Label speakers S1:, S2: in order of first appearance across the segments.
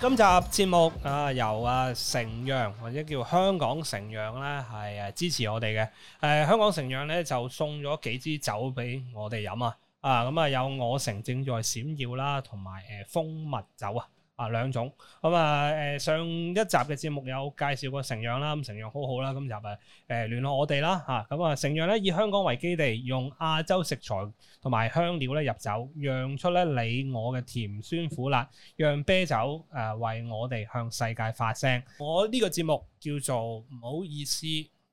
S1: 今集節目啊、呃，由啊城釀或者叫香港城釀咧係誒支持我哋嘅，誒、呃、香港城釀咧就送咗幾支酒俾我哋飲啊，啊咁啊有我城正在閃耀啦，同埋誒蜂蜜酒啊。啊兩種咁。啊誒上一集嘅節目有介紹過城釀啦，咁城釀好好啦，今集誒誒聯絡我哋啦嚇。咁啊城釀咧以香港為基地，用亞洲食材同埋香料咧入酒，釀出咧你我嘅甜酸苦辣，讓啤酒誒、啊、為我哋向世界發聲。我呢個節目叫做唔好意思，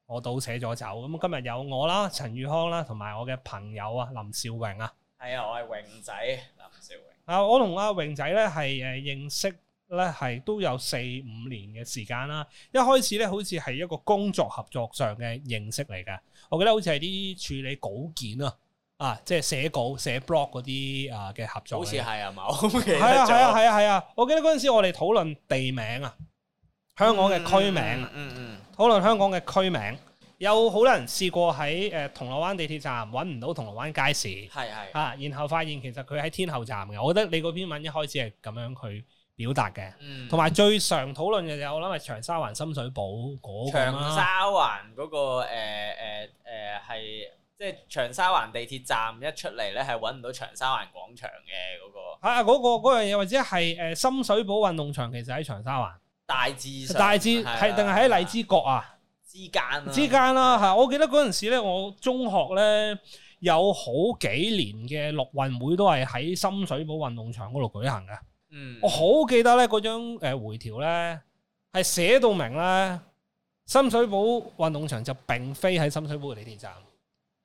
S1: 我倒瀉咗酒。咁、啊、今日有我啦，陳宇康啦，同埋我嘅朋友啊，林兆榮啊，
S2: 係啊、哎，我係榮仔林兆榮。
S1: 啊！我同阿榮仔咧係誒認識咧係都有四五年嘅時間啦。一開始咧好似係一個工作合作上嘅認識嚟嘅。我記得好似係啲處理稿件啊，啊，即係寫稿寫 blog 嗰啲啊嘅合作。好似係 啊，
S2: 嘛、啊。係啊係啊
S1: 係啊係啊！我記得嗰陣時我哋討論地名啊，香港嘅區名啊、嗯，嗯嗯，討論香港嘅區名。有好多人試過喺誒銅鑼灣地鐵站揾唔到銅鑼灣街市，係係嘅啊，然後發現其實佢喺天后站嘅。我覺得你個篇文一開始係咁樣去表達嘅，嗯，同埋最常討論嘅就係我諗係長沙灣、深水埗嗰個。長沙
S2: 灣嗰個誒誒誒係即係長沙灣地鐵站一出嚟咧係揾唔到長沙灣廣場嘅
S1: 嗰個。啊，嗰個嗰樣嘢或者係誒深水埗運動場其實喺長沙灣
S2: 大致大致係定係喺荔枝角啊？之間、
S1: 啊、之間啦、啊、嚇，我記得嗰陣時咧，我中學咧有好幾年嘅陸運會都係喺深水埗運動場嗰度舉行嘅。嗯，我好記得咧嗰張誒回條咧係寫到明咧，深水埗運動場就並非喺深水埗嘅地鐵站。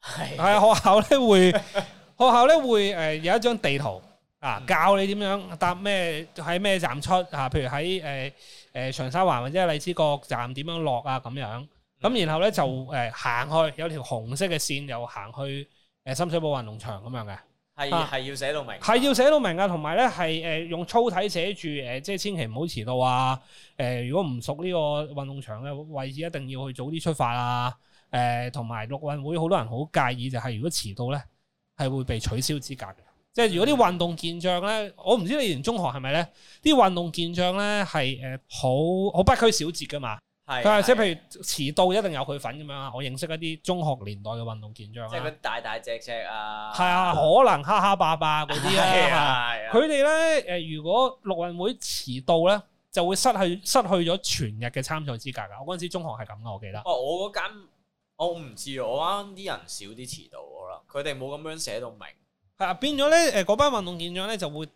S1: 係係的 學校咧會學校咧會誒有一張地圖啊，教你點樣搭咩喺咩站出啊？譬如喺誒誒長沙灣或者荔枝角站點樣落啊咁樣。咁然後咧就誒行去有條紅色嘅線，又行去誒深水埗運動場咁樣嘅，係
S2: 係要寫到明，係
S1: 要寫到明噶。同埋咧係誒用粗體寫住誒，即係千祈唔好遲到啊！誒、呃，如果唔熟呢個運動場嘅位置，一定要去早啲出發啊！誒、呃，同埋陸運會好多人好介意，就係如果遲到咧，係會被取消資格嘅。嗯、即係如果啲運動健將咧，我唔知你以前中學係咪咧？啲運動健將咧係誒好好不拘小節噶嘛。佢話即係譬如遲到一定有佢份咁樣啊！我認識一啲中學年代嘅運動健將，即係佢
S2: 大大隻隻啊，係啊，
S1: 可能哈哈霸霸嗰啲啦，係啊，佢哋咧誒，如果陸運會遲到咧，就會失去失去咗全日嘅參賽資格噶。我嗰陣時中學係咁噶，我記得。
S2: 哦，我嗰間我唔知，我啱啲人少啲遲到噶啦，佢哋冇咁樣寫到明。
S1: 係啊，變咗咧，誒，嗰班運動健將咧就會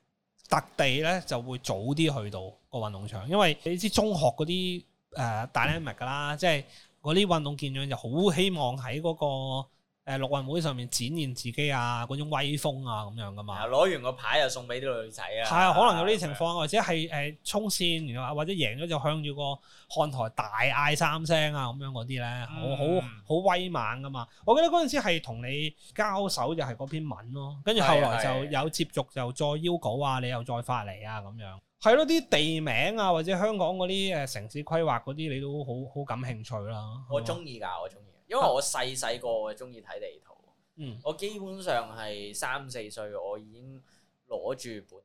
S1: 特地咧就會早啲去到個運動場，因為你知中學嗰啲。誒大咧物㗎啦，uh, dynamic, 嗯、即係嗰啲運動健將就好希望喺嗰、那個誒、呃、陸運會上面展現自己啊，嗰種威風啊咁樣噶嘛。攞
S2: 完個牌又送俾啲女仔啊。係啊，可能
S1: 有呢啲情況，樣或者係誒衝線，然後或者贏咗就向住個看台大嗌三聲啊，咁樣嗰啲咧，好好好威猛噶嘛。我記得嗰陣時係同你交手就係嗰篇文咯，啊，跟住後來就有接續，就再邀稿啊，你又再發嚟啊咁樣。係咯，啲地名啊，或者香港嗰啲誒城市規劃嗰啲，你都好好感興趣啦。我中意
S2: 噶，我中意，因為我細細個我中意睇地圖。嗯、啊，我基本上係三四歲，我已經攞住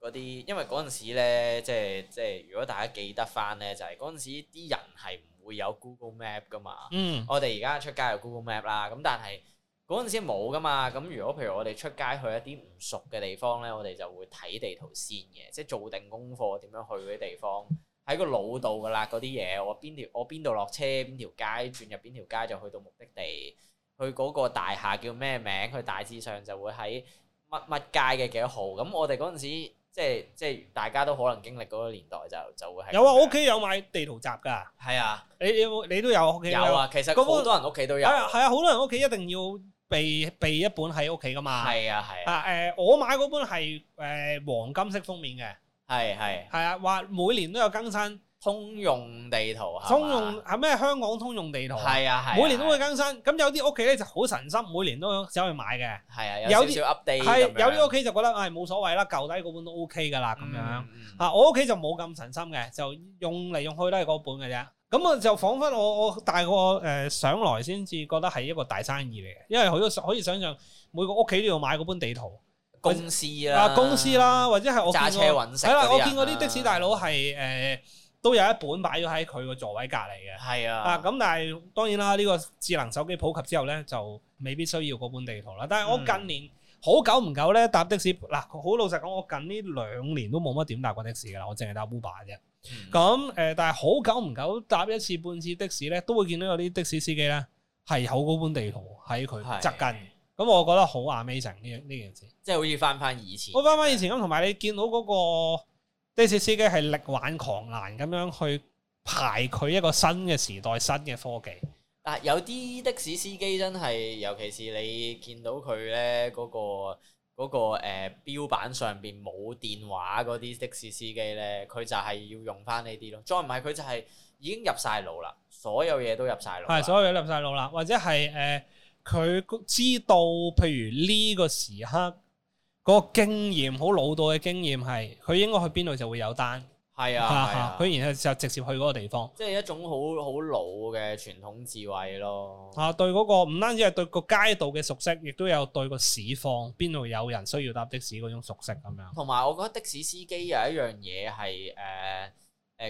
S2: 本嗰啲，因為嗰陣時咧，即係即係，如果大家記得翻咧，就係嗰陣時啲人係唔會有 Google Map 噶嘛。嗯，我哋而家出街有 Google Map 啦，咁但係。嗰陣時冇噶嘛，咁如果譬如我哋出街去一啲唔熟嘅地方呢，我哋就會睇地圖先嘅，即係做定功課點樣去嗰啲地方，喺個腦度噶啦嗰啲嘢，我邊條我邊度落車，邊條街轉入邊條街就去到目的地，去嗰個大廈叫咩名，佢大致上就會喺乜乜街嘅幾多號。咁我哋嗰陣時即係即係大家都可能經歷嗰個年代就，就就會係有啊，我屋
S1: 企有買地圖集噶，係啊，你你你都有，屋企有，有啊，其實好、嗰個、多人屋企都有，係啊，好、啊啊啊啊、多人屋企一定要。備備一本喺屋企噶嘛？係啊係啊，誒我買嗰本係誒黃金色封面嘅，係係係啊，話每年都有更新通用地圖，通用係咩香港通用地圖？係啊係，每年都會更新。咁有啲屋企咧就好神心，每年都走去買嘅。係啊，有少少 update，係有啲屋企就覺得誒冇所謂啦，舊底嗰本都 OK 噶啦咁樣。啊我屋企就冇咁神心嘅，就用嚟用去都係嗰本嘅啫。咁啊，我就彷彿我我大個誒、呃、上來先至覺得係一個大生意嚟嘅，因為好多可以想象每個屋企都要買嗰本地圖公司啊，啊公司啦、啊，或者係我揸車揾食。啦，我見過啲、啊、的、的士大佬係誒、呃、都有一本擺咗喺佢個座位隔籬嘅。係啊，嗱咁、啊，但係當然啦，呢、這個智能手機普及之後咧，就未必需要嗰本地圖啦。但係我近年、嗯、好久唔久咧搭的士，嗱、啊、好老實講，我近呢兩年都冇乜點搭過的士㗎喇，我淨係搭 Uber 啫。咁誒，嗯嗯，但係好久唔久搭一次半次的士咧，都會見到有啲的士司機咧係好高本地圖喺佢側近。咁的、嗯、我覺得，嗯、好 amazing 呢樣，呢樣嘢，即係好似返
S2: 返以前，我
S1: 返返以前咁。同埋你見到嗰個的士司機係力挽狂瀾咁樣去排佢一個新嘅時代，新嘅科技。
S2: 但係、啊、有啲的士司機真係，尤其是你見到佢咧嗰個。嗰、那個誒、呃、標板上邊冇電話嗰啲的士司機咧，佢就係要用翻呢啲咯，再唔係佢就係已經入晒腦啦，所有嘢都入晒腦啦。
S1: 係，所有嘢入晒腦啦。或者係誒，佢、呃、知道譬如呢個時刻、嗰、那個經驗，好老道嘅經驗係，佢應該去邊度就會有單。係啊，佢、啊啊、然後就直接去嗰個地方，
S2: 即係一種好好老嘅傳統智慧咯。
S1: 啊，對嗰、那個唔單止係對個街道嘅熟悉，亦都有對個市況邊度有人需要搭的士嗰種熟悉咁
S2: 樣。同埋我覺得的士司機有一樣嘢係誒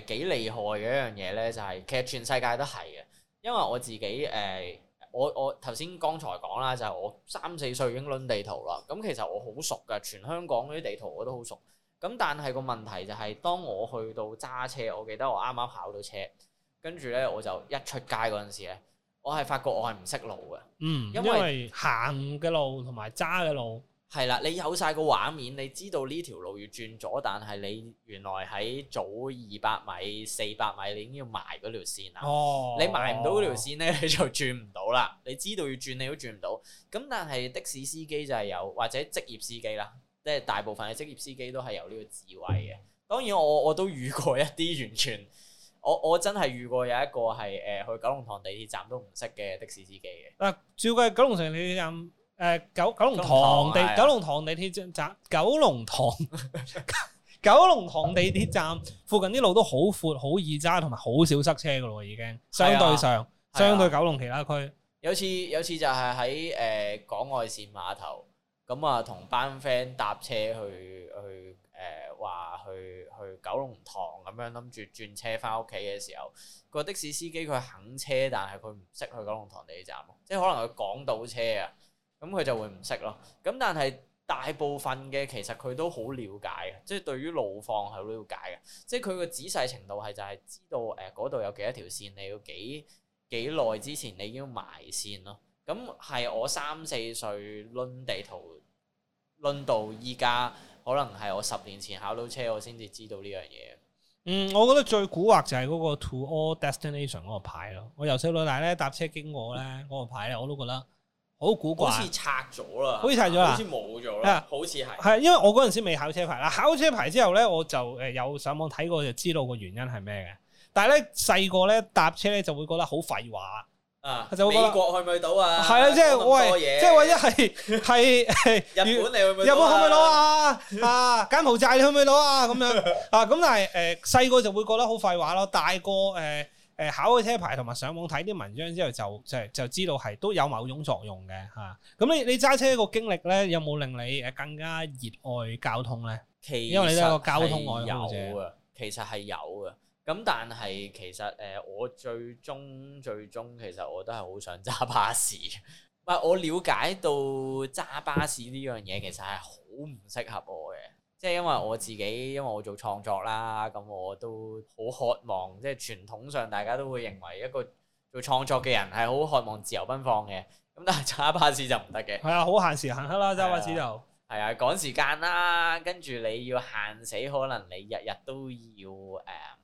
S2: 誒幾厲害嘅一樣嘢咧，就係其實全世界都係嘅，因為我自己誒、呃、我我頭先剛才講啦，就係、是、我三四歲已經撚地圖啦，咁其實我好熟㗎，全香港嗰啲地圖我都好熟。咁但係個問題就係、是，當我去到揸車，我記得我啱啱考到車，跟住咧我就一出街嗰陣時咧，我係發覺我係唔識路嘅。嗯，因為
S1: 行嘅路同埋揸嘅路係啦，你有
S2: 晒個畫面，你知道呢條路要轉左，但係你原來喺早二百米、四百米，你已經要埋嗰條線啦。
S1: 哦，你埋唔到嗰條
S2: 線咧，你就轉唔到啦。你知道要轉，你都轉唔到。咁但係的士司機就係有，或者職業司機啦。即係大部分嘅職業司機都係有呢個智慧嘅，當然我我都遇過一啲完全，我我真係遇過有一個係誒、呃、去九龍塘地鐵站都唔識嘅的士司機嘅。
S1: 嗱，照計九龍城地鐵站，誒、呃、九九龍塘地、啊、九龍塘地鐵站，九龍塘 九龍塘地鐵站附近啲路都好闊，好易揸，同埋好少塞車噶咯，已經相對上、啊、相對九龍其他區、啊啊啊
S2: 啊。有次有次就係喺誒港外綫碼頭。咁啊，同班 friend 搭車去去誒，話、呃、去去九龍塘咁樣，諗住轉車翻屋企嘅時候，個的士司機佢肯車，但係佢唔識去九龍塘地鐵站，即係可能佢講到車啊，咁佢就會唔識咯。咁但係大部分嘅其實佢都好了解嘅，即係對於路況係好了解嘅，即係佢個仔細程度係就係知道誒嗰度有幾多條線，你要幾幾耐之前你已經要埋線咯。咁係我三四歲撚地圖。論到依家，可能係我十年前考到車，我先至知道呢樣嘢。嗯，
S1: 我覺得最古惑就係嗰個 To All Destination 嗰個牌咯。我由細到大咧搭車經過咧嗰個牌咧，我都覺得好古怪，好似
S2: 拆咗啦，好似拆咗啦，好似冇咗啦，啊、好似係。係、啊、因
S1: 為我嗰陣時未考車牌啦，考車牌之後咧，我就誒有上網睇過，就知道個原因係咩嘅。但係咧細個咧搭車咧就會覺得好廢話。啊！就美國去
S2: 唔去到啊？係啊，即係喂，即係一係係
S1: 係日本你去唔去到啊？啊，柬埔寨你去唔去到啊？咁樣啊？咁但係誒細個就會覺得好廢話咯，大個誒誒考咗車牌同埋上網睇啲文章之後就就就知道係都有某種作用嘅吓。咁你你揸車個經歷咧有冇令你誒更加熱愛交通咧？其實因為你都係個交通愛好者嘅，
S2: 其實係有嘅。咁但係其實誒，我最終最終其實我都係好想揸巴士。唔，我了解到揸巴士呢樣嘢其實係好唔適合我嘅，即係因為我自己因為我做創作啦，咁我都好渴望，即係傳統上大家都會認為一個做創作嘅人係好渴望自由奔放嘅，咁但係揸巴士就唔得嘅。
S1: 係啊、嗯，好限時限刻啦，揸巴士就
S2: 係啊趕時間啦，跟住你要限死，可能你日日都要誒。Um,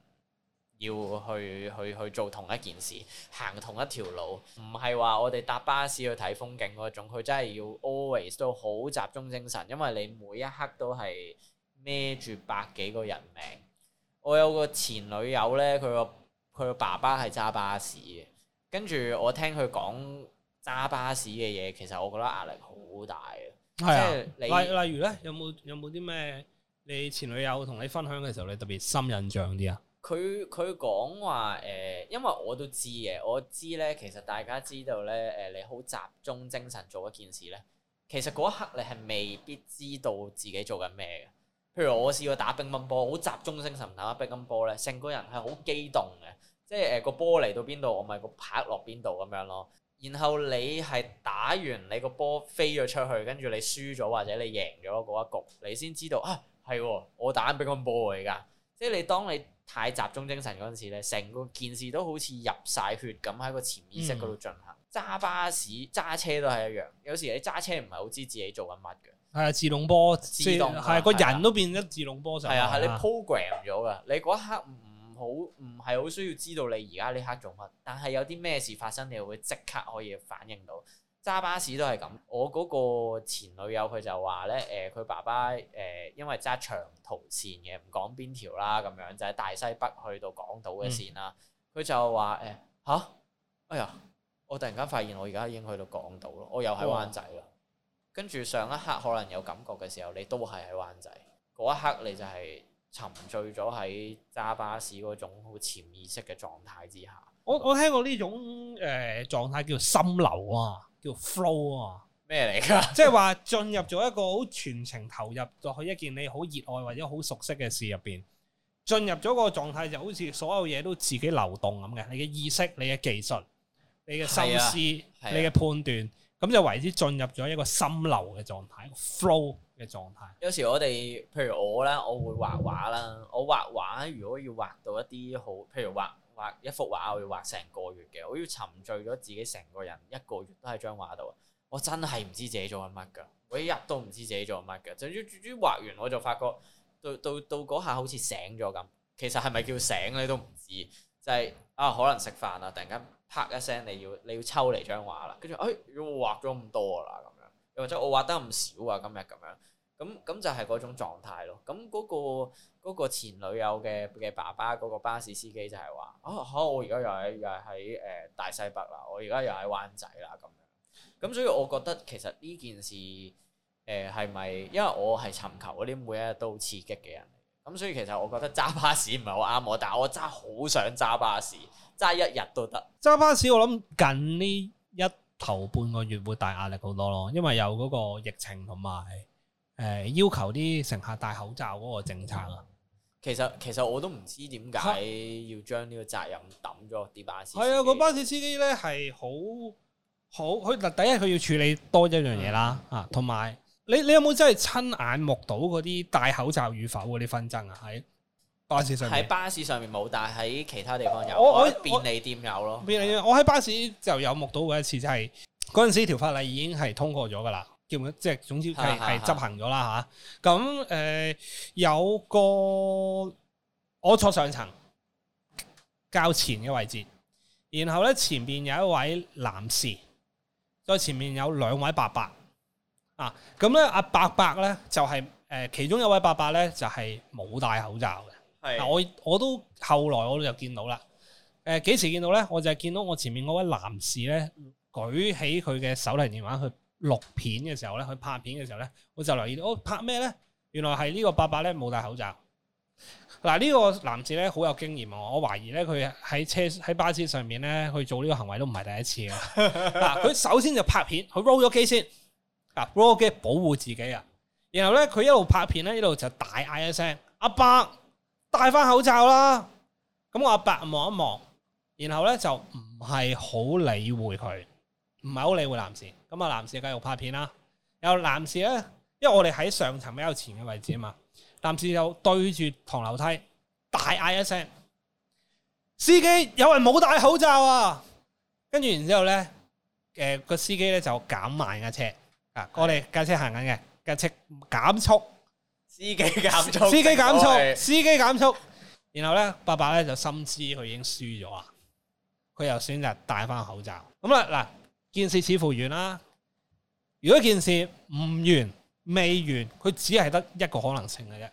S2: 要去去去做同一件事，行同一條路，唔係話我哋搭巴士去睇風景嗰種。佢真係要 Always 都好集中精神，因為你每一刻都係孭住百幾個人命。我有個前女友呢，佢個佢個爸爸係揸巴士嘅，跟住我聽佢講揸巴士嘅嘢，其實我覺得壓力好大嘅。係啊，例
S1: 例如呢，有冇有冇啲咩？你前女友同你分享嘅時候，你特別深印象啲啊？
S2: 佢佢講話誒，因為我都知嘅，我知呢，其實大家知道呢，誒、欸、你好集中精神做一件事呢。其實嗰一刻你係未必知道自己做緊咩嘅。譬如我試過打乒乓波，好集中精神打乒乓波呢，成個人係好激動嘅，即係誒個波嚟到邊度，我咪個拍落邊度咁樣咯。然後你係打完你個波飛咗出去，跟住你輸咗或者你贏咗嗰一局，你先知道，啊係喎，我打緊乒乓波㗎、啊。即係你當你。太集中精神嗰陣時咧，成個件事都好似入晒血咁喺個潛意識嗰度進行。揸巴士、揸車都係一樣，有時你揸車唔係好知自己做緊乜
S1: 嘅。係啊，自動波，自動係個人都變咗自動波上。係啊，係你
S2: program 咗㗎。你嗰刻唔好，唔係好需要知道你而家呢刻做乜，但係有啲咩事發生，你會即刻可以反應到。揸巴士都係咁。我嗰個前女友佢就話呢，誒、呃、佢爸爸誒、呃、因為揸長途線嘅，唔講邊條啦，咁樣就係大西北去到港島嘅線啦。佢、嗯、就話誒吓，哎呀，我突然間發現我而家已經去到港島咯，我又喺灣仔啦。跟住、哦、上一刻可能有感覺嘅時候，你都係喺灣仔嗰一刻，你就係沉醉咗喺揸巴士嗰種好潛意識嘅
S1: 狀態之下。我我聽過呢種誒、呃、狀態叫做「心流啊。叫 flow 啊，咩嚟㗎？即係話進入咗一個好全程投入落去一件你好熱愛或者好熟悉嘅事入面，進入咗個狀態就好似所有嘢都自己流動咁嘅，你嘅意識、你嘅技術、你嘅心思、你嘅判斷，咁就為之進入咗一個心流嘅狀態，flow
S2: 嘅狀態。有時我哋，譬如我啦，我會畫畫啦，我畫畫如果要畫到一啲好，譬如畫。畫一幅畫，我要畫成個月嘅，我要沉醉咗自己成個人一個月都喺張畫度。我真係唔知自己做緊乜㗎，我一日都唔知自己做緊乜㗎。就終於畫完，我就發覺到到嗰下好似醒咗咁。其實係咪叫醒咧都唔知，就係、是、啊可能食飯啦，突然間啪一聲，你要你要抽離張畫啦，跟住誒要畫咗咁多啦咁樣，又或者我畫得咁少啊今日咁樣，咁咁就係嗰種狀態咯。咁嗰、那個。嗰個前女友嘅嘅爸爸，嗰個巴士司機就係話：啊，好！我而家又喺又喺誒大西北啦，我而家又喺灣仔啦，咁咁，所以我覺得其實呢件事誒係咪？因為我係尋求嗰啲每一日都刺激嘅人。咁所以其實我覺得揸巴士唔係好啱我，但係我揸好想揸巴士，揸一日都得。
S1: 揸巴士我諗近呢一頭半個月會大壓力好多咯，因為有嗰個疫情同埋誒要求啲乘客戴口罩嗰個政策啊。嗯其實其實我都唔知點解要將呢個責任抌咗啲巴士。係啊，嗰巴士司機咧係好好，佢第一佢要處理多一樣嘢啦啊，同埋你你有冇真係親眼目睹嗰啲戴口罩與否嗰啲紛爭啊喺巴士上？喺
S2: 巴士上面冇，但喺其他地方有，我喺便利店有咯。有
S1: 便利店是我喺巴士就有目睹過一次，就係嗰陣時條法例已經係通過咗噶啦。叫即係總之係係執行咗啦吓。咁誒、啊呃，有個我坐上層較前嘅位置，然後咧前面有一位男士，再前面有兩位伯伯啊。咁咧阿伯伯咧就係、是、誒、呃，其中一位伯伯咧就係、是、冇戴口罩嘅是、啊。我我都後來我就見到啦。誒、呃，幾時見到咧？我就係見到我前面嗰位男士咧，舉起佢嘅手提電話去。錄片嘅時候咧，佢拍片嘅時候咧，我就留意到，哦，拍咩咧？原來係呢個伯伯咧冇戴口罩。嗱、啊，呢、呢個男士咧好有經驗啊、哦！我懷疑咧佢喺車喺巴士上面咧去做呢個行為都唔係第一次 啊！嗱，佢首先就拍片，佢 roll 咗機先，啊，roll 機保護自己啊！然後咧佢一路拍片咧，呢度就大嗌一聲：阿伯戴翻口罩啦！咁我阿伯望一望，然後咧就唔係好理會佢，唔係好理會男士。咁啊！男士繼續拍片啦。有男士咧，因為我哋喺上層比較前嘅位置啊嘛。男士就對住唐樓梯大嗌一聲： 司機，有人冇戴口罩啊！跟住然之後咧，誒、呃、個司機咧就減慢架車啊！我哋架車行緊嘅架車減速，司機減速，司機減速，司機減速。然後咧，伯伯咧就深知佢已經輸咗啊！佢又選擇戴翻口罩。咁啊嗱，件事似乎完啦。如果件事唔完未完，佢只係得一個可能性嘅啫，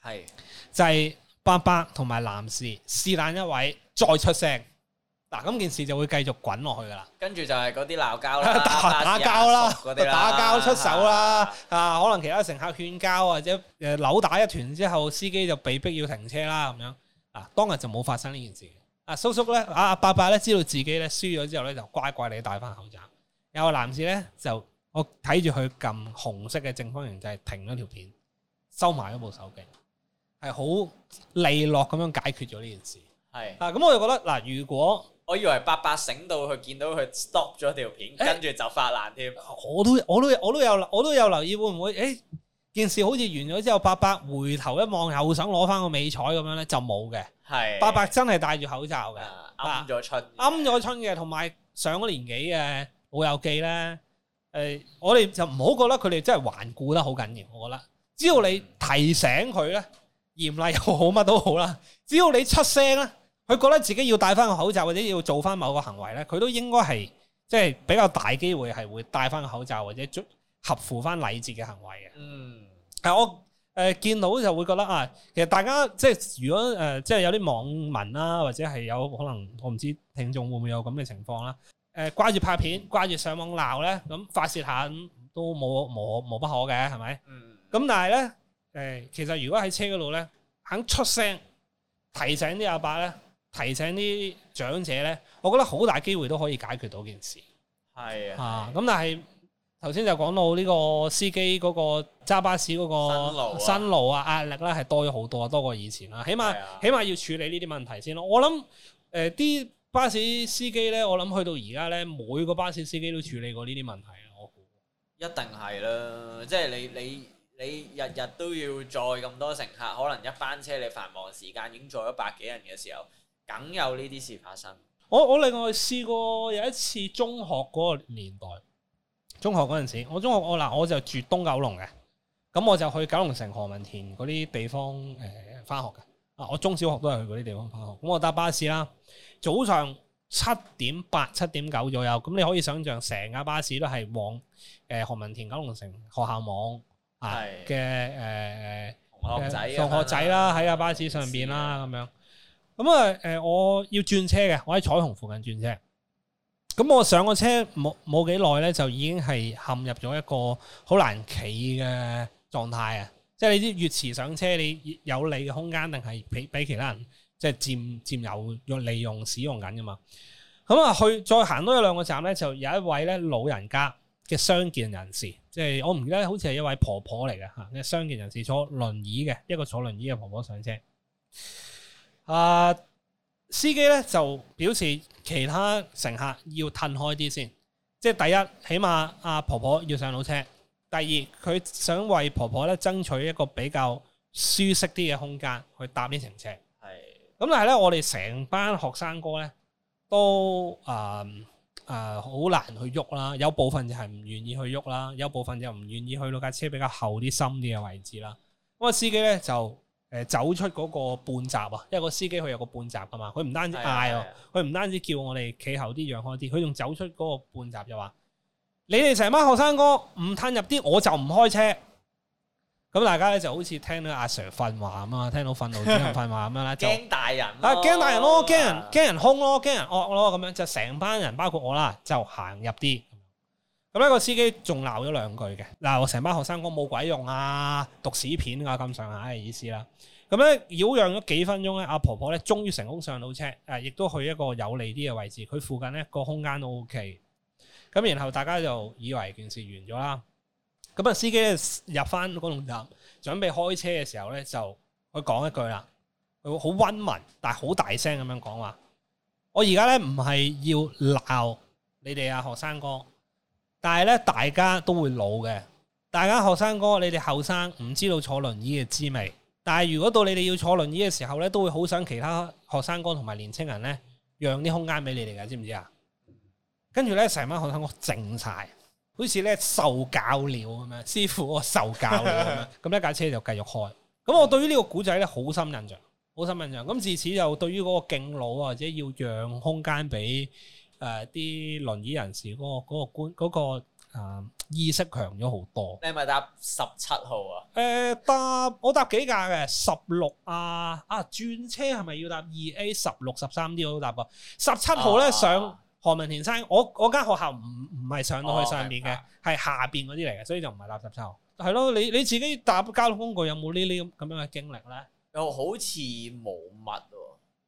S1: 係是就係伯伯同埋男士，是但一位再出聲，嗱咁件事就會繼續滾落去噶啦。
S2: 跟住就係嗰啲鬧交啦，打交啦， 打交出手
S1: 啦， 啊，可能其他乘客勸交或者誒扭打一團之後，司機就被逼要停車啦咁樣。啊當日就冇發生呢件事。啊叔叔咧，啊伯伯咧知道自己咧輸咗之後咧，就乖乖地戴翻口罩。有個男士咧就。我睇住佢撳紅色嘅正方形就係、是、停咗條片，收埋咗部手機，係好利落咁樣解決咗呢件事。係的啊，咁我就覺得
S2: 嗱，如果我以為伯伯醒到佢見到佢 stop 咗條片，欸、跟住就發爛添。
S1: 我都我都我都有我都有留意會唔會誒、欸、件事好似完咗之後，伯伯回頭一望又想攞翻個美彩咁樣咧就冇嘅。係伯伯真係戴住口罩嘅，啱咗、啊、春啱咗春嘅，同埋上咗年紀嘅老友記咧。誒、呃，我哋就唔好覺得佢哋真係頑固得好緊要，我覺得只要你提醒佢咧，嚴厲又好，乜都好啦。只要你出聲咧，佢覺得自己要戴翻個口罩或者要做翻某個行為咧，佢都應該係即係比較大機會係會戴翻個口罩或者合乎翻禮節嘅行為嘅。嗯，係我誒、呃、見到就會覺得啊，其實大家即係如果誒、呃、即係有啲網民啦，或者係有可能我唔知聽眾會唔會有咁嘅情況啦。誒，掛住、呃、拍片，掛住上網鬧咧，咁發泄下都冇冇冇不可嘅，係咪？嗯呢。咁但係咧，誒，其實如果喺車嗰度咧，肯出聲提醒啲阿伯咧，提醒啲長者咧，我覺得好大機會都可以解決到件事。
S2: 係是、啊啊。吓，
S1: 咁但係頭先就講到呢個司機嗰個揸巴士嗰個新路啊，壓力咧係多咗好多，多過以前啦。起碼是、啊、起碼要處理呢啲問題先咯。我諗誒，啲、呃。巴士司機咧，我諗去到而家咧，每個巴士司機都處理過呢啲問題啊！我估
S2: 一定係啦，即係你你你日日都要載咁多乘客，可能一班車你繁忙時間已經載咗百幾人嘅時候，梗有呢啲事
S1: 發生。我我另外試過有一次中學嗰個年代，中學嗰陣時，我中學我嗱我就住東九龍嘅，咁我就去九龍城何文田嗰啲地方誒翻、呃、學嘅。我中小學都係去嗰啲地方返學，咁我搭巴士啦。早上七點八、七點九左右，咁你可以想象成架巴士都係往誒、呃、何文田九龍城學校網啊嘅誒，呃是呃、
S2: 同學仔、同學仔
S1: 啦，喺架巴士上邊啦，咁、啊、樣。咁啊，誒、呃，我要轉車嘅，我喺彩虹附近轉車。咁我上個車冇冇幾耐咧，就已經係陷入咗一個好難企嘅狀態啊！即係你啲越遲上車，有你有利嘅空間，定係俾俾其他人即係、就是、佔佔有用利用使用緊㗎嘛？咁、嗯、啊，去再行多一兩個站咧，就有一位咧老人家嘅傷健人士，即、就、係、是、我唔記得好似係一位婆婆嚟嘅嚇，嘅傷健人士坐輪椅嘅，一個坐輪椅嘅婆婆上車。啊、呃，司機咧就表示其他乘客要褪開啲先，即係第一，起碼阿婆婆要上到車。第二，佢想為婆婆咧爭取一個比較舒適啲嘅空間去搭呢程車。係的。咁但係咧，我哋成班學生哥咧都啊啊好難去喐啦，有部分就係唔願意去喐啦，有部分就唔願意去到架車比較後啲、深啲嘅位置啦。咁啊，司機咧就誒走出嗰個半閘啊，因為個司機佢有個半閘㗎嘛，佢唔單止嗌，佢唔的單止叫我哋企後啲、讓開啲，佢仲走出嗰個半閘就話。你哋成班學生哥唔褪入啲，我就唔開車。咁大家咧就好似聽到阿 Sir 訓話咁啊，聽到訓導啲人訓話咁啦，驚
S2: 大人啊，驚 大人咯，驚
S1: 人驚人空咯，驚人惡咯，咁樣就成班人包括我啦，就行入啲。咁、那、咧個司機仲鬧咗兩句嘅，嗱，我成班學生哥冇鬼用啊，讀屎片啊，咁上下嘅意思啦。咁咧擾攘咗幾分鐘咧，阿婆婆咧終於成功上到車，誒，亦都去一個有利啲嘅位置，佢附近咧個空間都 ok。咁然後大家就以為件事完咗啦。咁啊，司機咧入翻個輪站，準備開車嘅時候咧，就佢講一句啦，佢好溫文，但係好大聲咁樣講話。我而家咧唔係要鬧你哋啊，學生哥。但係咧，大家都會老嘅，大家學生哥，你哋後生唔知道坐輪椅嘅滋味。但係如果到你哋要坐輪椅嘅時候咧，都會好想其他學生哥同埋年青人咧，讓啲空間俾你哋㗎，知唔知啊？跟住咧，成班學生我靜晒，好似咧受教了咁樣，師傅，我受教了咁 樣。咁呢架車就繼續開。咁我對於呢個古仔咧，好深印象，好深印象。咁自此就對於嗰個敬老啊，或者要讓空間俾誒啲輪椅人士嗰、嗰個嗰、嗰個觀嗰、嗰個誒、呃、意識強咗好多。你係咪搭十七號啊？誒、欸，搭我搭幾架嘅？十六啊啊，轉、啊、車係咪要搭二 A？十六十三 D 我搭啊。十七號咧上。何文田生，我我間學校唔唔係上到去上邊嘅，係、哦、下邊嗰啲嚟嘅，所以就唔係垃圾站。係咯，你你自己搭交通工具有冇呢啲咁咁樣嘅經歷咧？又好似冇乜，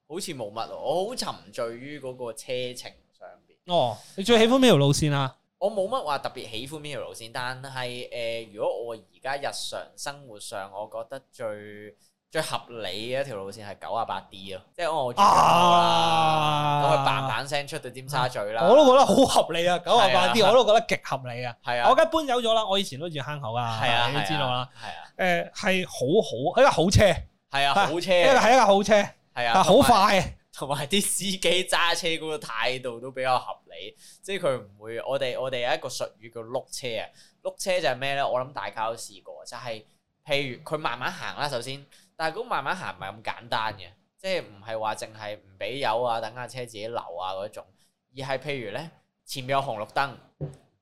S1: 好似冇乜，我好沉
S2: 醉於嗰個車程上邊。
S1: 哦，你最喜歡咩條路線啊？嗯、
S2: 我冇乜話特別喜歡邊條路線，但係誒、呃，如果我而家日常生活上，我覺得最。最合理嘅一條路線係九啊八 D 咯，即係我啊，咁
S1: 佢嘭嘭聲出到尖沙咀啦。我都覺得好合理啊，九啊八 D 我都覺得極合理啊。係啊，我而家搬走咗啦，我以前都住坑口啊。係啊，你都知道啦。係啊，誒係好好，一架好車係啊，好車，一個係一架好車係啊，好快，同埋啲司機
S2: 揸車嗰個態度都比較合理，即係佢唔會我哋我哋有一個術語叫碌車啊，碌車就係咩咧？我諗大家都試過，就係、是、譬如佢慢慢行啦，首先。但係咁慢慢行唔係咁簡單嘅，即係唔係話淨係唔俾油啊，等架車自己流啊嗰種，而係譬如咧，前面有紅綠燈，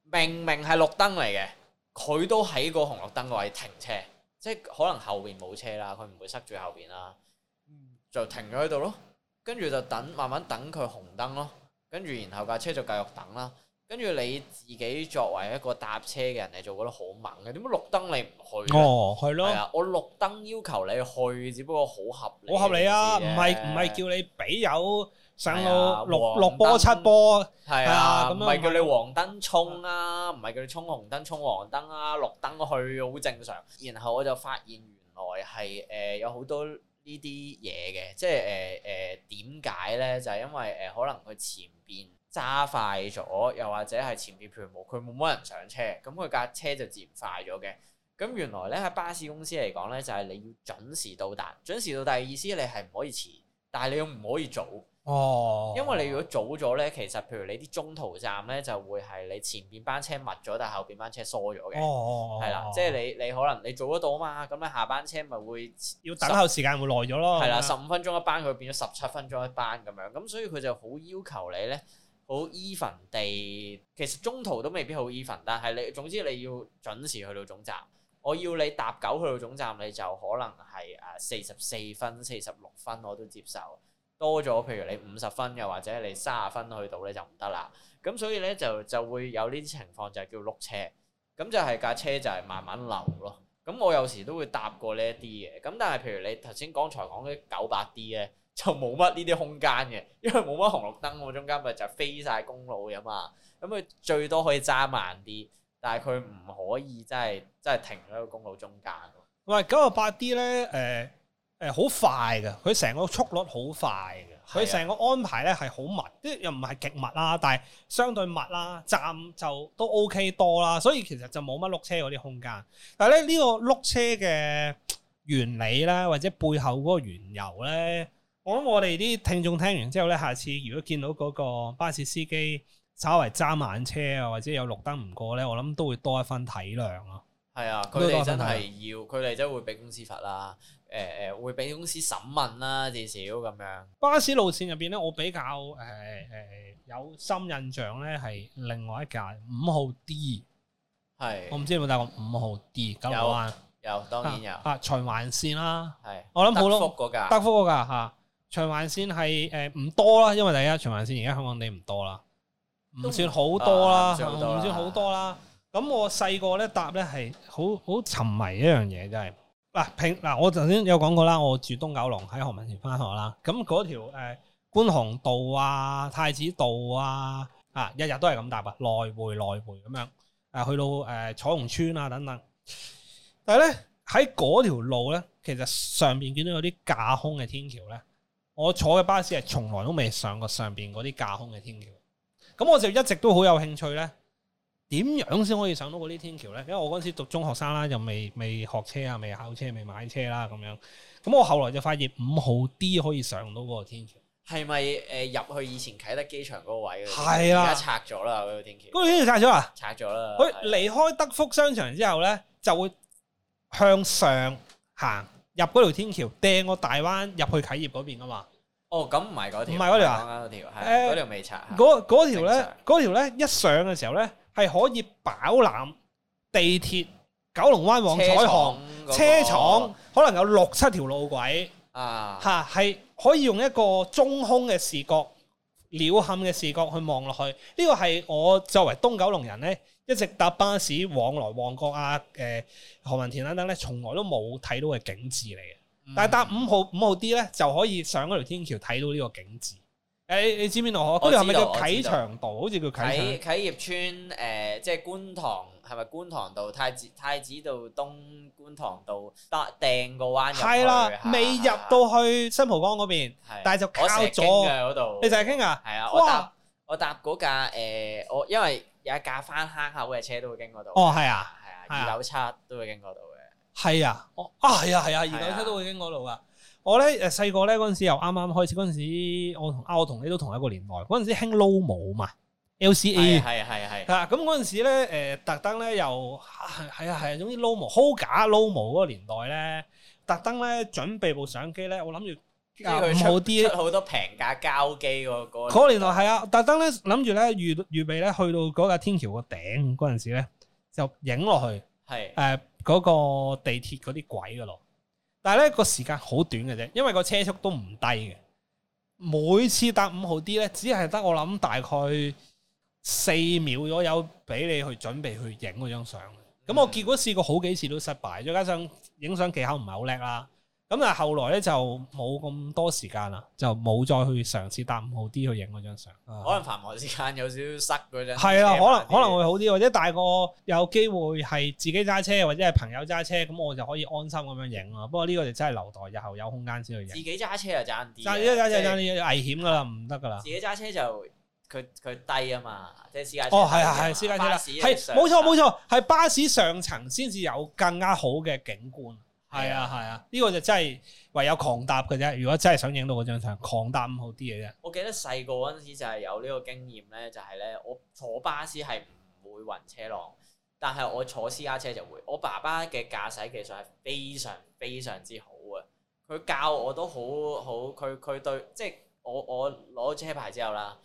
S2: 明明係綠燈嚟嘅，佢都喺個紅綠燈嗰位停車，即係可能後邊冇車啦，佢唔會塞住後邊啦，就停咗喺度咯，跟住就等，慢慢等佢紅燈咯，跟住然後架車就繼續等啦。跟住你自己作為一個搭車嘅人，你就覺得好猛嘅，點解綠燈你唔去？哦，係咯，我綠燈要求你去，只不過好合理。好合理啊，唔係唔係叫你
S1: 俾油上到六六波、七波係啊，咁樣唔係叫你黃
S2: 燈衝啊，唔係、嗯、叫你衝紅燈、衝黃燈啊，綠燈去好正常。然後我就發現原來係誒、呃、有好多呢啲嘢嘅，即係誒誒點解咧？就係、是、因為誒可能佢前邊。揸快咗，又或者係前面譬如冇，佢冇乜人上車，咁佢架車就自然快咗嘅。咁原來呢，喺巴士公司嚟講呢，就係、是、你要準時到達，準時到達嘅意思是你係唔可以遲，但係你又唔可以早。
S1: 哦。因
S2: 為你如果早咗呢，其實譬如你啲中途站呢，就會係你前面班車密咗，但係後邊班車疏咗嘅。哦係啦，即係你你可能你做得到啊嘛，咁咧下班車咪會 10, 要等候時間
S1: 會耐咗咯。係啦，十
S2: 五分鐘一班佢變咗十七分鐘一班咁樣，咁所以佢就好要求你呢。好 even 地，其實中途都未必好 even，但係你總之你要準時去到總站。我要你搭九去到總站，你就可能係誒四十四分、四十六分我都接受。多咗譬如你五十分，又或者你三十分去到咧就唔得啦。咁所以咧就就會有呢啲情況，就係叫碌車。咁就係架車就係慢慢流咯。咁我有時都會搭過呢一啲嘅。咁但係譬如你頭先剛才講嘅九百 D 咧。就冇乜呢啲空間嘅，因為冇乜紅綠燈喎，中間咪就飛晒公路㗎嘛。咁佢最多可以揸慢啲，但係佢唔可以真係真係停喺個公路中間。
S1: 喂，九十八 D 咧，誒誒好快㗎，佢成個速率好快嘅，佢成、啊、個安排咧係好密，啲又唔係極密啦，但係相對密啦，站就都 OK 多啦，所以其實就冇乜碌車嗰啲空間。但係咧呢、呢個碌車嘅原理咧，或者背後嗰個緣由咧。我諗我哋啲聽眾聽完之後咧，下次如果見到嗰個巴士司機稍為揸慢車啊，或者有綠燈唔過咧，我諗都會多一分體諒咯。係啊，佢哋真係
S2: 要，佢哋真係會俾公司罰啦。誒、呃、誒，會俾公司審問啦，至少咁樣。
S1: 巴士路線入邊咧，我比較誒誒、呃、有深印象咧，係另外一架五號 D 是。係，我唔知有冇搭過五號 D？有啊，有，當然
S2: 有。
S1: 啊，循環線啦、啊。係是，我諗好咯。德福嗰架，德福嗰架吓。循環線係誒唔多啦，因為第一循環線而家香港地唔多啦，唔算好多啦，唔、啊、算好多啦。咁、啊啊、我細個咧搭咧係好好沉迷一樣嘢，真係嗱、啊、平嗱、啊、我頭先有講過啦，我住東九龍喺何文田返學啦，咁嗰條誒觀塘道啊太子道啊啊日日都係咁搭啊，來回來回咁樣誒去到誒彩虹邨啊等等，但係咧喺嗰條路咧其實上邊見到有啲架空嘅天橋咧。我坐嘅巴士係從來都未上過上邊嗰啲架空嘅天橋，咁我就一直都好有興趣咧，點樣先可以上到嗰啲天橋咧？因為我嗰時讀中學生啦，又未未學車啊，未考車，未買車啦，咁樣，咁我後來就發現五號 D 可以上到嗰個天橋，
S2: 係咪誒入去以前啟德機場嗰個位？係啊，而家拆咗啦嗰、嗰個天橋，嗰個天橋拆咗啊？拆咗啦，佢
S1: 離開德福商場之後咧，就會向上行入嗰條天橋，掟個大彎入去啟業嗰邊啊嘛～
S2: 哦，咁唔係嗰條，唔係嗰條，嗰條未拆。
S1: 嗰嗰條咧，嗰條咧一上嘅時候咧，係可以飽覽地鐵、嗯、九龍灣往彩虹車廠、那個，可能有六七條路軌啊，吓，係可以用一個中空嘅視角、鳥瞰嘅視角去望落去。呢個係我作為東九龍人咧，一直搭巴士往來旺角啊、誒、呃、何文田等等咧，從來都冇睇到嘅景致嚟嘅。但係搭五號五號 D 咧，就可以上嗰條天橋睇到呢個景致。誒，你知邊度？嗰條係咪叫啟祥，叫啟祥道？好似叫啟啟
S2: 業村。誒、呃，即、就、係、是、觀塘，係咪觀塘道、太子太子道東、觀塘道搭、啊、訂個灣入去。啦的，嗯、
S1: 未入到去新蒲崗嗰邊。的但係就交咗嘅度。你就係傾啊？係啊，我搭
S2: 哇我搭嗰架誒，我、呃、因為有一架返坑口嘅車會過到、哦、都會經嗰
S1: 度。哦，係啊，係啊，二九
S2: 七都會經嗰度。
S1: 係啊，我
S2: 啊係啊係啊，二代車都會
S1: 經度路噶。我咧誒細個咧嗰陣時又啱啱開始，嗰陣時我啊我同你都同一個年代。嗰陣時興 Lomo 嘛，LCA 係係係。吓咁嗰陣時咧誒、呃、特登咧又係係啊，啊，啊。總之 Lomo，好假 Lomo 嗰個年代咧、嗯，特登咧準備部相機咧，我諗住，好啲，出好多平價膠機嗰個。嗰個年代係啊，特登咧諗住咧預預備咧去到嗰架天橋個頂嗰陣時咧，就影落去係誒。嗰個地鐵嗰啲鬼嘅咯，但係咧個時間好短嘅啫，因為個車速都唔低嘅。每次搭五號 D 咧，只係得我諗大概四秒左右畀你去準備去影嗰張相。咁、嗯、我結果試過好幾次都失敗，再加上影相技巧唔係好叻啦。咁但係後來咧就冇咁多時間啦，就冇再去嘗試搭五號 D 去影嗰張相。
S2: 啊、可能繁忙時間有少少塞嗰陣，係啊，可能
S1: 可能會好啲，或者大個有機會係自己揸車，或者係朋友揸車，咁我就可以安心咁樣影咯。嗯、不過呢個就真係留待日後有空間先去影。自己
S2: 揸車又爭啲，揸車揸車
S1: 揸啲危險㗎喇，唔得㗎喇。自己
S2: 揸車就佢佢低啊嘛，即係私，、哦啊啊啊、私家車。哦係係係私家車啦，係冇錯冇錯，
S1: 係巴士上層先至有更加好嘅景觀。係啊係啊，呢個就真係唯有狂搭嘅啫。如果真係想影到嗰張相，狂搭好啲嘅啫。
S2: 我記得細個嗰陣時就係有呢個經驗咧，就係咧我坐巴士係唔會暈車浪，但係我坐私家車就會。我爸爸嘅駕駛技術係非常非常之好嘅，佢教我都好好，佢佢對即係我我攞咗車牌之後啦，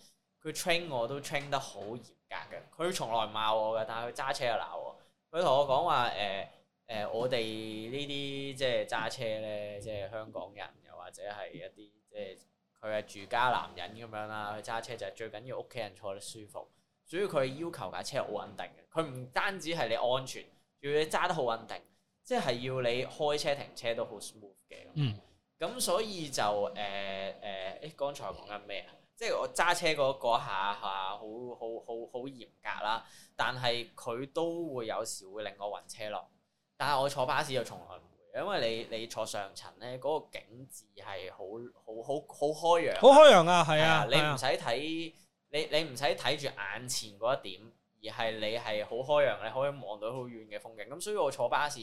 S2: 佢 train 我都 train 得好嚴格嘅，佢從來唔鬧我嘅，但係佢揸車就鬧我。佢同我講話誒。誒、呃，我哋呢啲即係揸車呢，即係香港人又或者係一啲即係佢係住家男人咁樣啦。佢揸車就係最緊要屋企人坐得舒服，所以佢要求架車好穩定嘅。佢唔單止係你安全，仲要揸得好穩定，即係要你開車、停車都好 smooth 嘅。嗯，咁所以就誒誒，誒、呃呃、剛才講緊咩啊？即係我揸車嗰下下好好好好，好嚴格啦，但係佢都會有時會令我暈車咯。但係我坐巴士就從來唔會，因為你你坐上層呢，嗰個景緻係好好好好開揚，好開揚啊！係啊，你唔使睇，你你唔使睇住眼前嗰一點，而係你係好開揚，你可以望到好遠嘅風景。咁所以我坐巴士，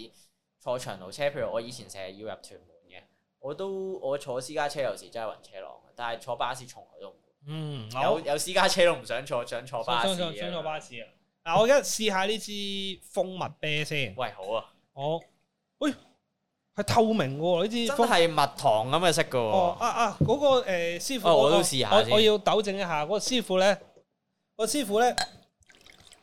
S2: 坐長途車，譬如我以前成日要入屯門嘅，我都我坐私家車有時真係暈車浪，但係坐巴士從來都唔會。嗯，有有
S1: 私家車都唔想坐，想坐巴士，想坐巴士啊！嗱，我而家試下呢支蜂蜜啤先。喂，好啊。哦，喂、哎，係透明嘅呢支，都係蜜糖咁嘅色嘅。哦，啊啊，嗰、那個誒、呃、師傅，哦、我都試下我，我要糾正一下，嗰、那個師傅咧，那個師傅咧，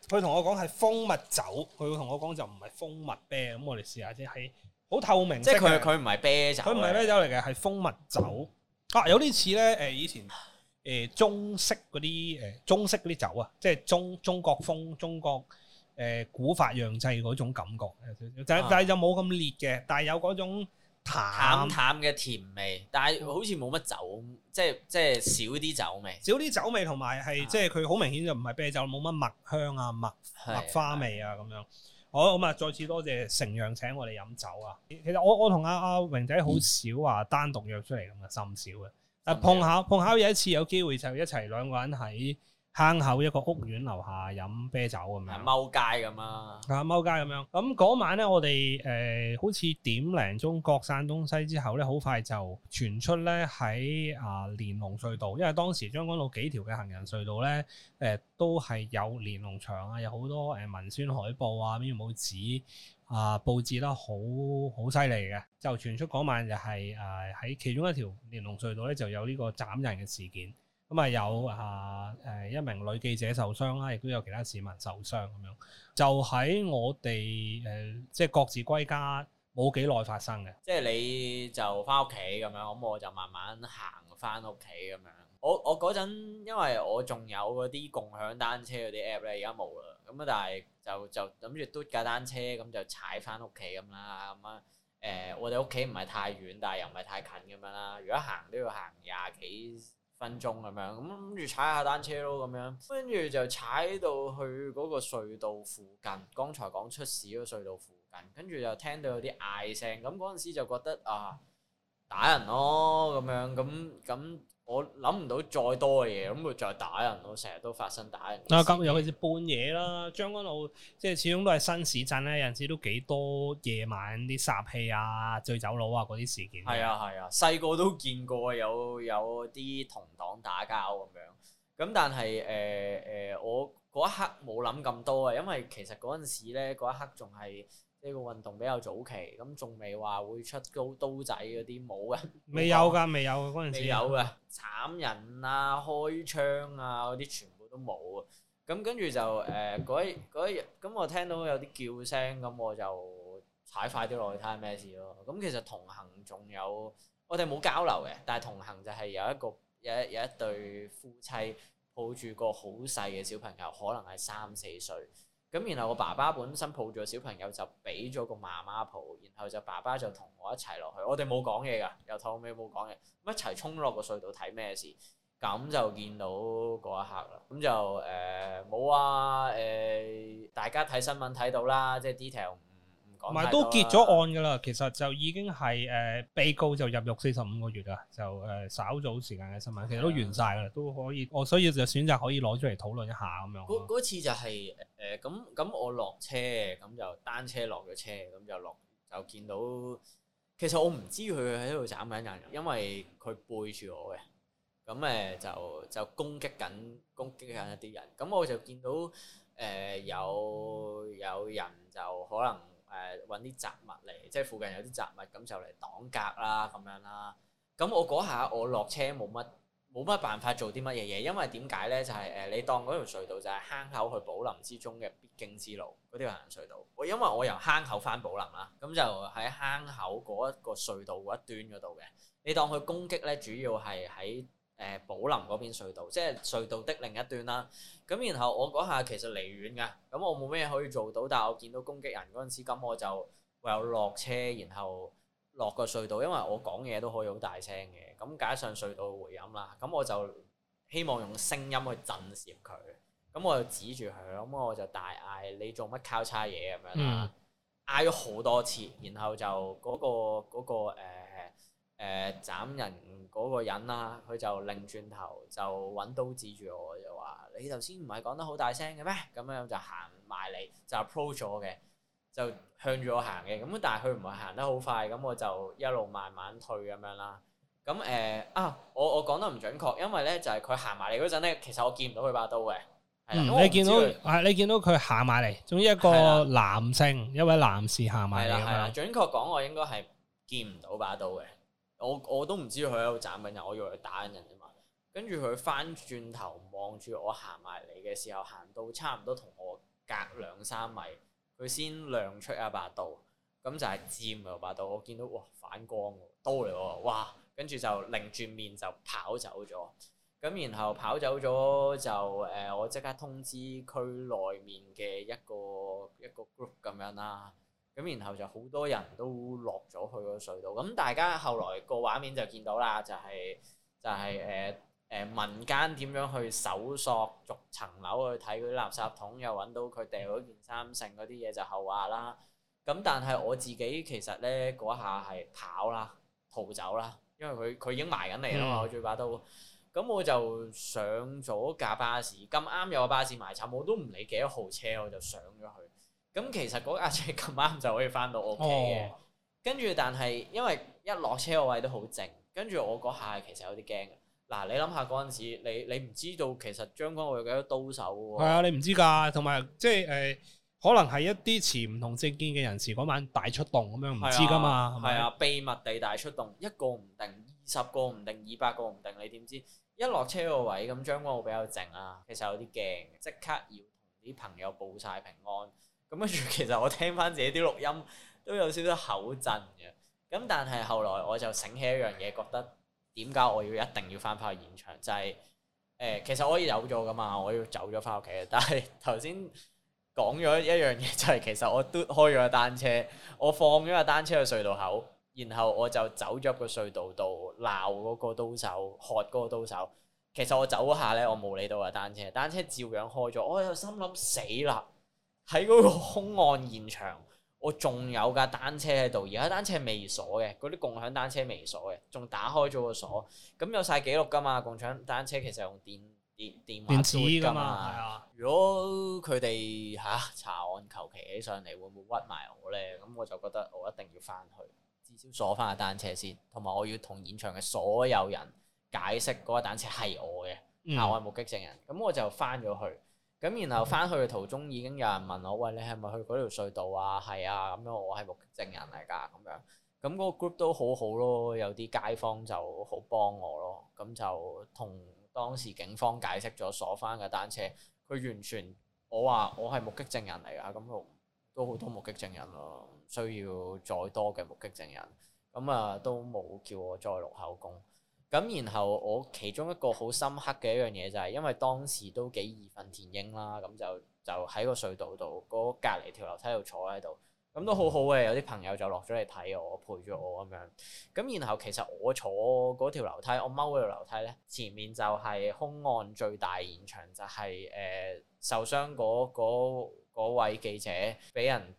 S1: 佢同我講係蜂蜜酒，佢同我講就唔係蜂蜜啤。咁我哋試下先，係好透明。即係佢佢唔係啤酒，佢唔係啤酒嚟嘅，係蜂蜜酒。啊，有啲似咧，誒、呃，以前誒、呃、中式嗰啲誒中式嗰啲酒啊，即係中中，中國風中國。誒古法釀製嗰種感覺，但係但係就冇咁烈嘅，但係有嗰種淡
S2: 淡嘅甜味，但係好似冇乜酒，即係即係少啲酒味，
S1: 少啲酒味同埋係即係佢好明顯就唔係啤酒，冇乜麥香啊麥麥的花味啊咁的樣。好咁啊，再次多謝城釀請我哋飲酒啊！其實我我同阿阿榮仔好少話單獨約出嚟咁嘅，嗯、甚少嘅，但的碰巧，碰巧有一次有機會就一齊兩個人喺坑口一個屋苑樓下飲啤酒咁、
S2: 啊啊、樣，踎街咁
S1: 啦，啊踎街咁樣。咁嗰晚咧，我哋誒、呃、好似點零鐘各散東西之後咧，好快就傳出咧喺啊連儂隧道，因為當時將軍澳幾條嘅行人隧道咧，誒、呃、都係有連儂牆啊，有好多誒、呃、文宣海報啊，咩冇紙啊佈置得好好犀利嘅。就傳出嗰晚就係、是、啊喺其中一條連儂隧道咧就有呢個斬人嘅事件。咁、嗯、啊，有、呃、啊，誒一名女記者受傷啦，亦都有其他市民受傷咁樣。就喺我哋誒、呃，即係各自歸家，冇幾耐發生嘅。
S2: 即係你就返屋企咁樣，咁我就慢慢行返屋企咁樣。我我嗰陣因為我仲有嗰啲共享單車嗰啲 app 咧，而家冇啦。咁啊，但係就就諗住嘟架單車咁就踩返屋企咁啦。咁啊誒，我哋屋企唔係太遠，但係又唔係太近咁樣啦。如果行都要行廿幾分鐘咁樣，咁諗住踩下單車咯，咁樣，跟住就踩到去嗰個隧道附近。剛才講出事嗰個隧道附近，跟住就聽到有啲嗌聲，咁嗰陣時就覺得啊，打人咯，咁樣，咁，咁。我諗唔到再多嘅嘢，咁佢再打人咯，成日都發生打人。嗱、啊，
S1: 咁尤其是半夜啦，將軍澳，即係始終都係新市鎮咧，有陣時都幾多夜晚啲殺氣啊、醉酒佬啊嗰啲事件。係啊係啊，
S2: 細個、啊、都見過有有啲同黨打交咁樣。咁但係誒誒，我嗰一刻冇諗咁多啊，因為其實嗰陣時咧嗰一刻仲係。呢個運動比較早期，咁仲未話會出高刀仔嗰啲冇嘅，未有㗎，
S1: 未有㗎嗰陣時，有㗎，
S2: 斬人啊、開槍啊嗰啲全部都冇啊。咁跟住就誒嗰、呃、嗰一日，咁我聽到有啲叫聲，咁我就踩快啲落去睇下咩事咯。咁其實同行仲有，我哋冇交流嘅，但係同行就係有一個有一有一對夫妻抱住個好細嘅小朋友，可能係三四歲。咁然後我爸爸本身抱住個小朋友就俾咗個媽媽抱，然後就爸爸就同我一齊落去，我哋冇講嘢噶，由頭到尾冇講嘢，咁一齊衝落個隧道睇咩事，咁就見到嗰一刻啦，咁就誒冇、呃、啊，誒、呃、大家睇新聞睇到啦，即係 detail。唔係都結咗
S1: 案㗎啦，其實就已經係誒、呃、被告就入獄四十五個月啊，就誒稍早時間嘅新聞，其實都完晒㗎啦，都可以。我所以就選擇可以攞出嚟討論一下咁樣。
S2: 嗰次就係誒咁咁，呃、我落車咁就單車落咗車，咁就落就見到，其實我唔知佢喺度斬緊人，因為佢背住我嘅。咁誒就就攻擊緊攻擊緊一啲人，咁我就見到誒、呃、有有人就可能。誒揾啲雜物嚟，即係附近有啲雜物咁就嚟擋隔啦，咁樣啦。咁我嗰下我落車冇乜冇乜辦法做啲乜嘢嘢，因為點解呢？就係誒，你當嗰條隧道就係坑口去寶林之中嘅必經之路，嗰條行人隧道。我因為我由坑口翻寶林啦，咁就喺坑口嗰一個隧道嗰一端嗰度嘅。你當佢攻擊呢，主要係喺。誒寶林嗰邊隧道，即係隧道的另一端啦。咁然後我嗰下其實離遠嘅，咁我冇咩可以做到，但係我見到攻擊人嗰陣時，咁我就唯有落車，然後落個隧道，因為我講嘢都可以好大聲嘅。咁加上隧道回音啦，咁我就希望用聲音去震懾佢。咁我就指住佢，咁我就大嗌：你做乜交叉嘢？咁樣啦，嗌咗好多次，然後就嗰個、嗰個、呃誒斬人嗰個人啦，佢就擰轉頭就揾刀指住我，就話：你頭先唔係講得好大聲嘅咩？咁樣就行埋嚟，就 approach 我嘅，就向住我行嘅。咁但係佢唔係行得好快，咁我就一路慢慢退咁樣啦。咁誒啊，我我講得唔準確，因為咧就係佢行埋嚟嗰陣咧，其實我見唔到佢把刀嘅。
S1: 你見到啊？你見到佢行埋嚟，總之一個男性，一位男士行埋嚟啦。
S2: 準確講，我應該係見唔到把刀嘅。我我都唔知佢喺度斬緊人，我以為佢打緊人啫嘛。跟住佢翻轉頭望住我行埋嚟嘅時候，行到差唔多同我隔兩三米，佢先亮出一把刀，咁就係尖嘅把刀。我見到，哇反光喎，刀嚟喎，哇！跟住就擰轉面就跑走咗。咁然後跑走咗就誒、呃，我即刻通知區內面嘅一個一個 group 咁樣啦。咁然後就好多人都落咗去個隧道，咁大家後來個畫面就見到啦，就係、就係、就係誒誒民間點樣去搜索，逐層樓去睇嗰啲垃圾桶，又揾到佢掉嗰件衫剩嗰啲嘢就後話啦。咁但係我自己其實呢嗰下係跑啦，逃走啦，因為佢佢已經埋緊嚟啦嘛，嗯、我最怕都，咁我就上咗架巴士，咁啱有個巴士埋站，我都唔理幾多號車，我就上咗去。咁其實嗰架車咁啱就可以翻到屋企嘅，跟住、哦、但係因為一落車個位都好靜，跟住我嗰下其實有啲驚嘅。嗱，你諗下嗰陣時，你你唔知道其實將軍澳有幾多刀手喎、啊？係啊，你唔
S1: 知㗎。同埋即係誒、呃，可能係一啲持唔同政見嘅人士嗰晚大出動咁樣，唔知㗎嘛？係啊，吧啊，
S2: 秘密地大出動，一個唔定，二十個唔定，二百個唔定，你點知一？一落車個位咁將軍澳比較靜啊，其實有啲驚，即刻要同啲朋友報晒平安。咁跟住，其實我聽翻自己啲錄音都有少少口震嘅。咁但係後來我就醒起一樣嘢，覺得點解我要一定要翻返去現場？就係、是呃、其實我有咗㗎嘛，我要走咗翻屋企。但係頭先講咗一樣嘢，就係、是、其實我嘟開咗個單車，我放咗個單車去隧道口，然後我就走咗個隧道度鬧嗰個刀手，喝嗰個刀手。其實我走下呢，我冇理到個單車，單車照樣開咗。我又心諗死啦～喺嗰個凶案現場，我仲有架單車喺度，而家單車未鎖嘅，嗰啲共享單車未鎖嘅，仲打開咗個鎖。咁有晒記錄㗎嘛？共享單車其實用電電電話電池㗎嘛。如果佢哋嚇查案求其起上嚟，會唔會屈埋我咧？咁我就覺得我一定要翻去，至少鎖翻架單車先，同埋我要同現場嘅所有人解釋嗰架單車係我嘅，我係、嗯、目擊證人。咁我就翻咗去。咁然後翻去嘅途中已經有人問我，喂，你係咪去嗰條隧道啊？係啊，咁樣我係目擊證人嚟㗎，咁樣咁嗰個 group 都好好咯，有啲街坊就好幫我咯，咁就同當時警方解釋咗鎖翻嘅單車，佢完全我話我係目擊證人嚟㗎，咁都都好多目擊證人咯，需要再多嘅目擊證人，咁啊都冇叫我再錄口供。咁然後我其中一個好深刻嘅一樣嘢就係，因為當時都幾義憤填膺啦，咁就就喺個隧道度，嗰隔離條樓梯度坐喺度，咁都好好、欸、嘅。有啲朋友就落咗嚟睇我，陪住我咁樣。咁然後其實我坐嗰條樓梯，我踎喺條樓梯咧，前面就係兇案最大現場，就係、係、誒、呃、受傷嗰位記者俾人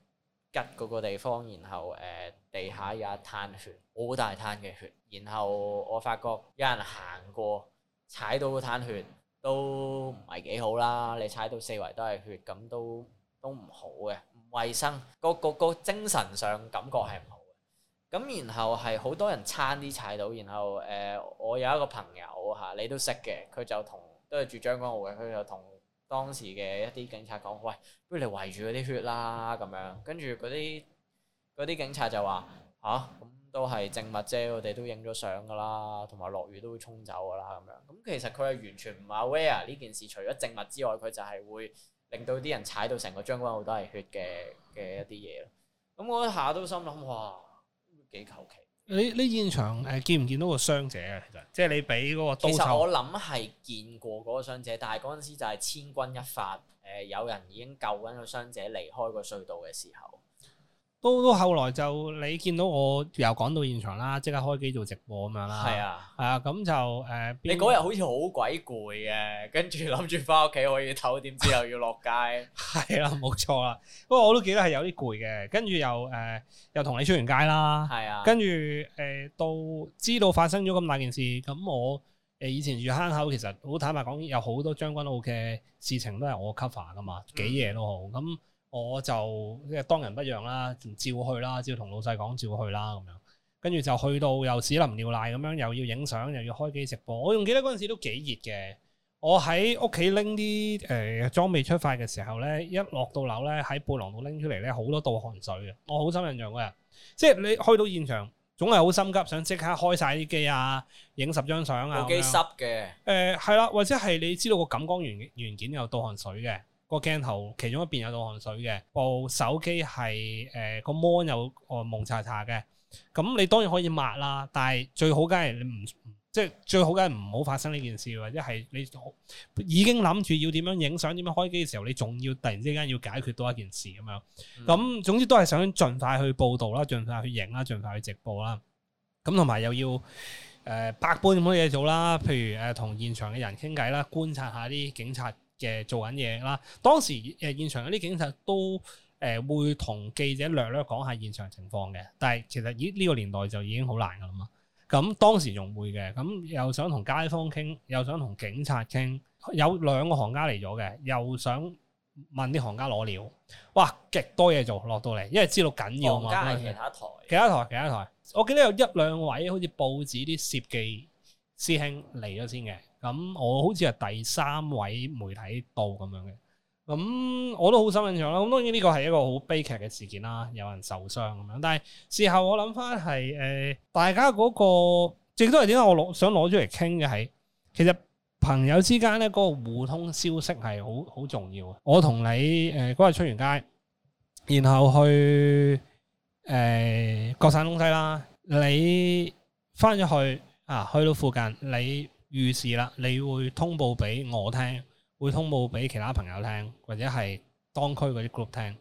S2: 吉嗰個地方，然後誒、呃、地下有一灘血，好大灘嘅血。然後我發覺有人行過踩到個灘血，都唔係幾好啦。你踩到四圍都係血，咁都都唔好嘅，唔衞生。各個個個精神上感覺係唔好嘅。咁然後係好多人差啲踩到，然後誒、呃、我有一個朋友嚇、啊、你都識嘅，佢就同都係住將軍澳嘅，佢就同。當時嘅一啲警察講：喂，不如你圍住嗰啲血啦咁樣。跟住嗰啲啲警察就話：吓、啊，咁都係證物啫，我哋都影咗相噶啦，同埋落雨都會沖走噶啦咁樣。咁其實佢係完全唔係 aware 呢件事，除咗證物之外，佢就係會令到啲人踩到成個將軍澳都係血嘅嘅一啲嘢咯。咁我一下都心諗：哇，幾求其！
S1: 你你現場誒、呃、見唔見到個傷者啊？其實即係你俾個刀，其實我諗
S2: 係見過個傷者，但係陣時就係千鈞一髮誒、呃、有人已經救緊個傷者離開個隧道嘅時候。
S1: 都都後來就你見到我又趕到現場啦，即刻開機做直播咁樣啦。係啊，係啊，咁就誒。呃、你嗰日好似好
S2: 鬼攰嘅，跟住諗住返屋企可以唞，點知又要落街。
S1: 係啦、 啊，冇錯啦。不過我都記得係有啲攰嘅，跟住又誒、呃，又同你出完街啦。係啊，跟住誒，到知道發生咗咁大件事，咁我誒、呃、以前住坑口，其實好坦白講，有好多將軍澳嘅事情都係我 cover 㗎嘛，幾夜都好咁。嗯我就即係當仁不讓啦，照去啦，照同老細講，照去啦咁樣。跟住就去到又屎淋尿瀨咁樣，又要影相，又要開機直播。我仲記得嗰陣時都幾熱嘅。我喺屋企拎啲誒裝備出發嘅時候咧，一落到樓咧，喺背囊度拎出嚟咧，好多倒汗水嘅。我好深印象嘅，即係你去到現場，總係好心急，想即刻開晒啲機啊，影十張相啊。有機濕嘅，誒係、呃、啦，或者係你知道個感光元，元件有倒汗水嘅。個鏡頭其中一邊有到汗水嘅，部手機係誒個 mon 有、呃、蒙查查嘅，咁你當然可以抹啦，但係最好梗係你唔即係最好梗係唔好發生呢件事，或者係你已經諗住要點樣影相、點樣開機嘅時候，你仲要突然之間要解決多一件事咁樣，咁、嗯、總之都係想盡快去報道啦，盡快去影啦，盡快去直播啦，咁同埋又要誒、呃、百般咁多嘢做啦，譬如誒同、呃、現場嘅人傾偈啦，觀察下啲警察。嘅做緊嘢啦，當時誒現場有啲警察都誒會同記者略略講下現場情況嘅，但係其實依呢個年代就已經好難噶啦嘛。咁當時仲會嘅，咁又想同街坊傾，又想同警察傾，有兩個行家嚟咗嘅，又想問啲行家攞料，哇，極多嘢做落到嚟，因為知道緊要啊嘛。行家係其他台，其他台，其他台。我記得有一兩位好似報紙啲攝記師兄嚟咗先嘅。咁、嗯、我好似係第三位媒體到咁樣嘅，咁、嗯、我都好深印象啦。咁當然呢個係一個好悲劇嘅事件啦，有人受傷咁樣。但係事後我諗翻係誒，大家嗰、那個亦都係點解我攞想攞出嚟傾嘅係，其實朋友之間咧嗰個互通消息係好好重要。我同你誒嗰日出完街，然後去誒、呃、各散東西啦。你翻咗去啊，去到附近你，遇事啦，你會通報俾我聽，會通報俾其他朋友聽，或者係當區嗰啲 group 聽。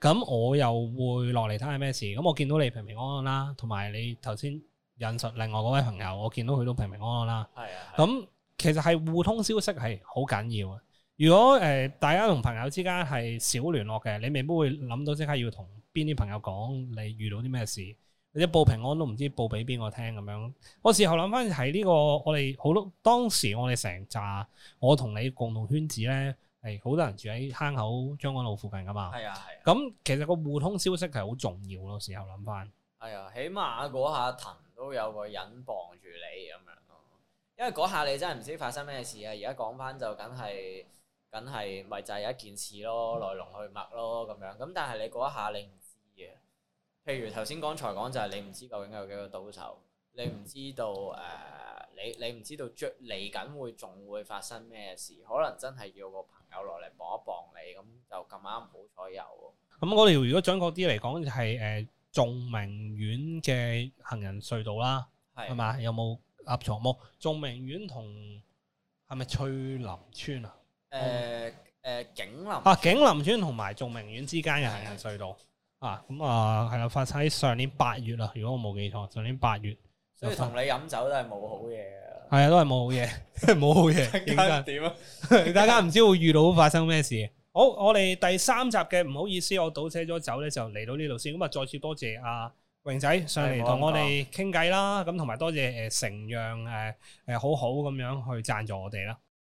S1: 咁我又會落嚟睇下咩事。咁我見到你平平安安啦，同埋你頭先引述另外嗰位朋友，我見到佢都平平安安啦。係啊、嗯。咁其實係互通消息係好緊要啊。如果誒、呃、大家同朋友之間係少聯絡嘅，你未必會諗到即刻要同邊啲朋友講你遇到啲咩事。你一報平安都唔知報俾邊個聽咁樣，我事後諗翻係呢個我哋好多當時我哋成紮我同你共同圈子咧，係、哎、好多人住喺坑口將軍澳附近噶嘛。係啊係。咁、啊、其實個互通消息係好重要咯，事後諗翻。
S2: 係啊，起碼嗰下騰都有個人傍住你咁樣咯，因為嗰下你真係唔知發生咩事啊。而家講翻就梗係梗係，咪就係一件事咯，來龍去脈咯咁樣。咁但係你嗰下你。譬如頭先講才講就係、是、你唔知究竟有幾個賭手、嗯呃，你唔知道誒，你你唔知道着嚟緊會仲會發生咩事，可能真係要個朋友落嚟幫一幫你，咁就咁啱，好彩有。
S1: 咁我哋如果準確啲嚟講，係誒眾明苑嘅行人隧道啦，係嘛是？有冇鴨場木？眾明苑同係咪翠林村啊？誒誒、呃呃、景林啊！景林村同埋眾明苑之間嘅行人隧道。啊，咁、嗯、啊、係、嗯、啦、嗯，發生喺上年八月啦，如果我冇記錯，上年八月就。所以同你飲酒都係冇好嘢嘅。係 啊 下，都係冇好嘢，冇好嘢。點啊？大家唔知會遇到發生咩事？好，我哋第三集嘅唔好意思，我倒車咗酒咧，就嚟到呢度先。咁啊，再次多謝阿、啊、榮仔上嚟同我哋傾偈啦，咁同埋多謝誒城釀誒誒好好咁樣去贊助我哋啦。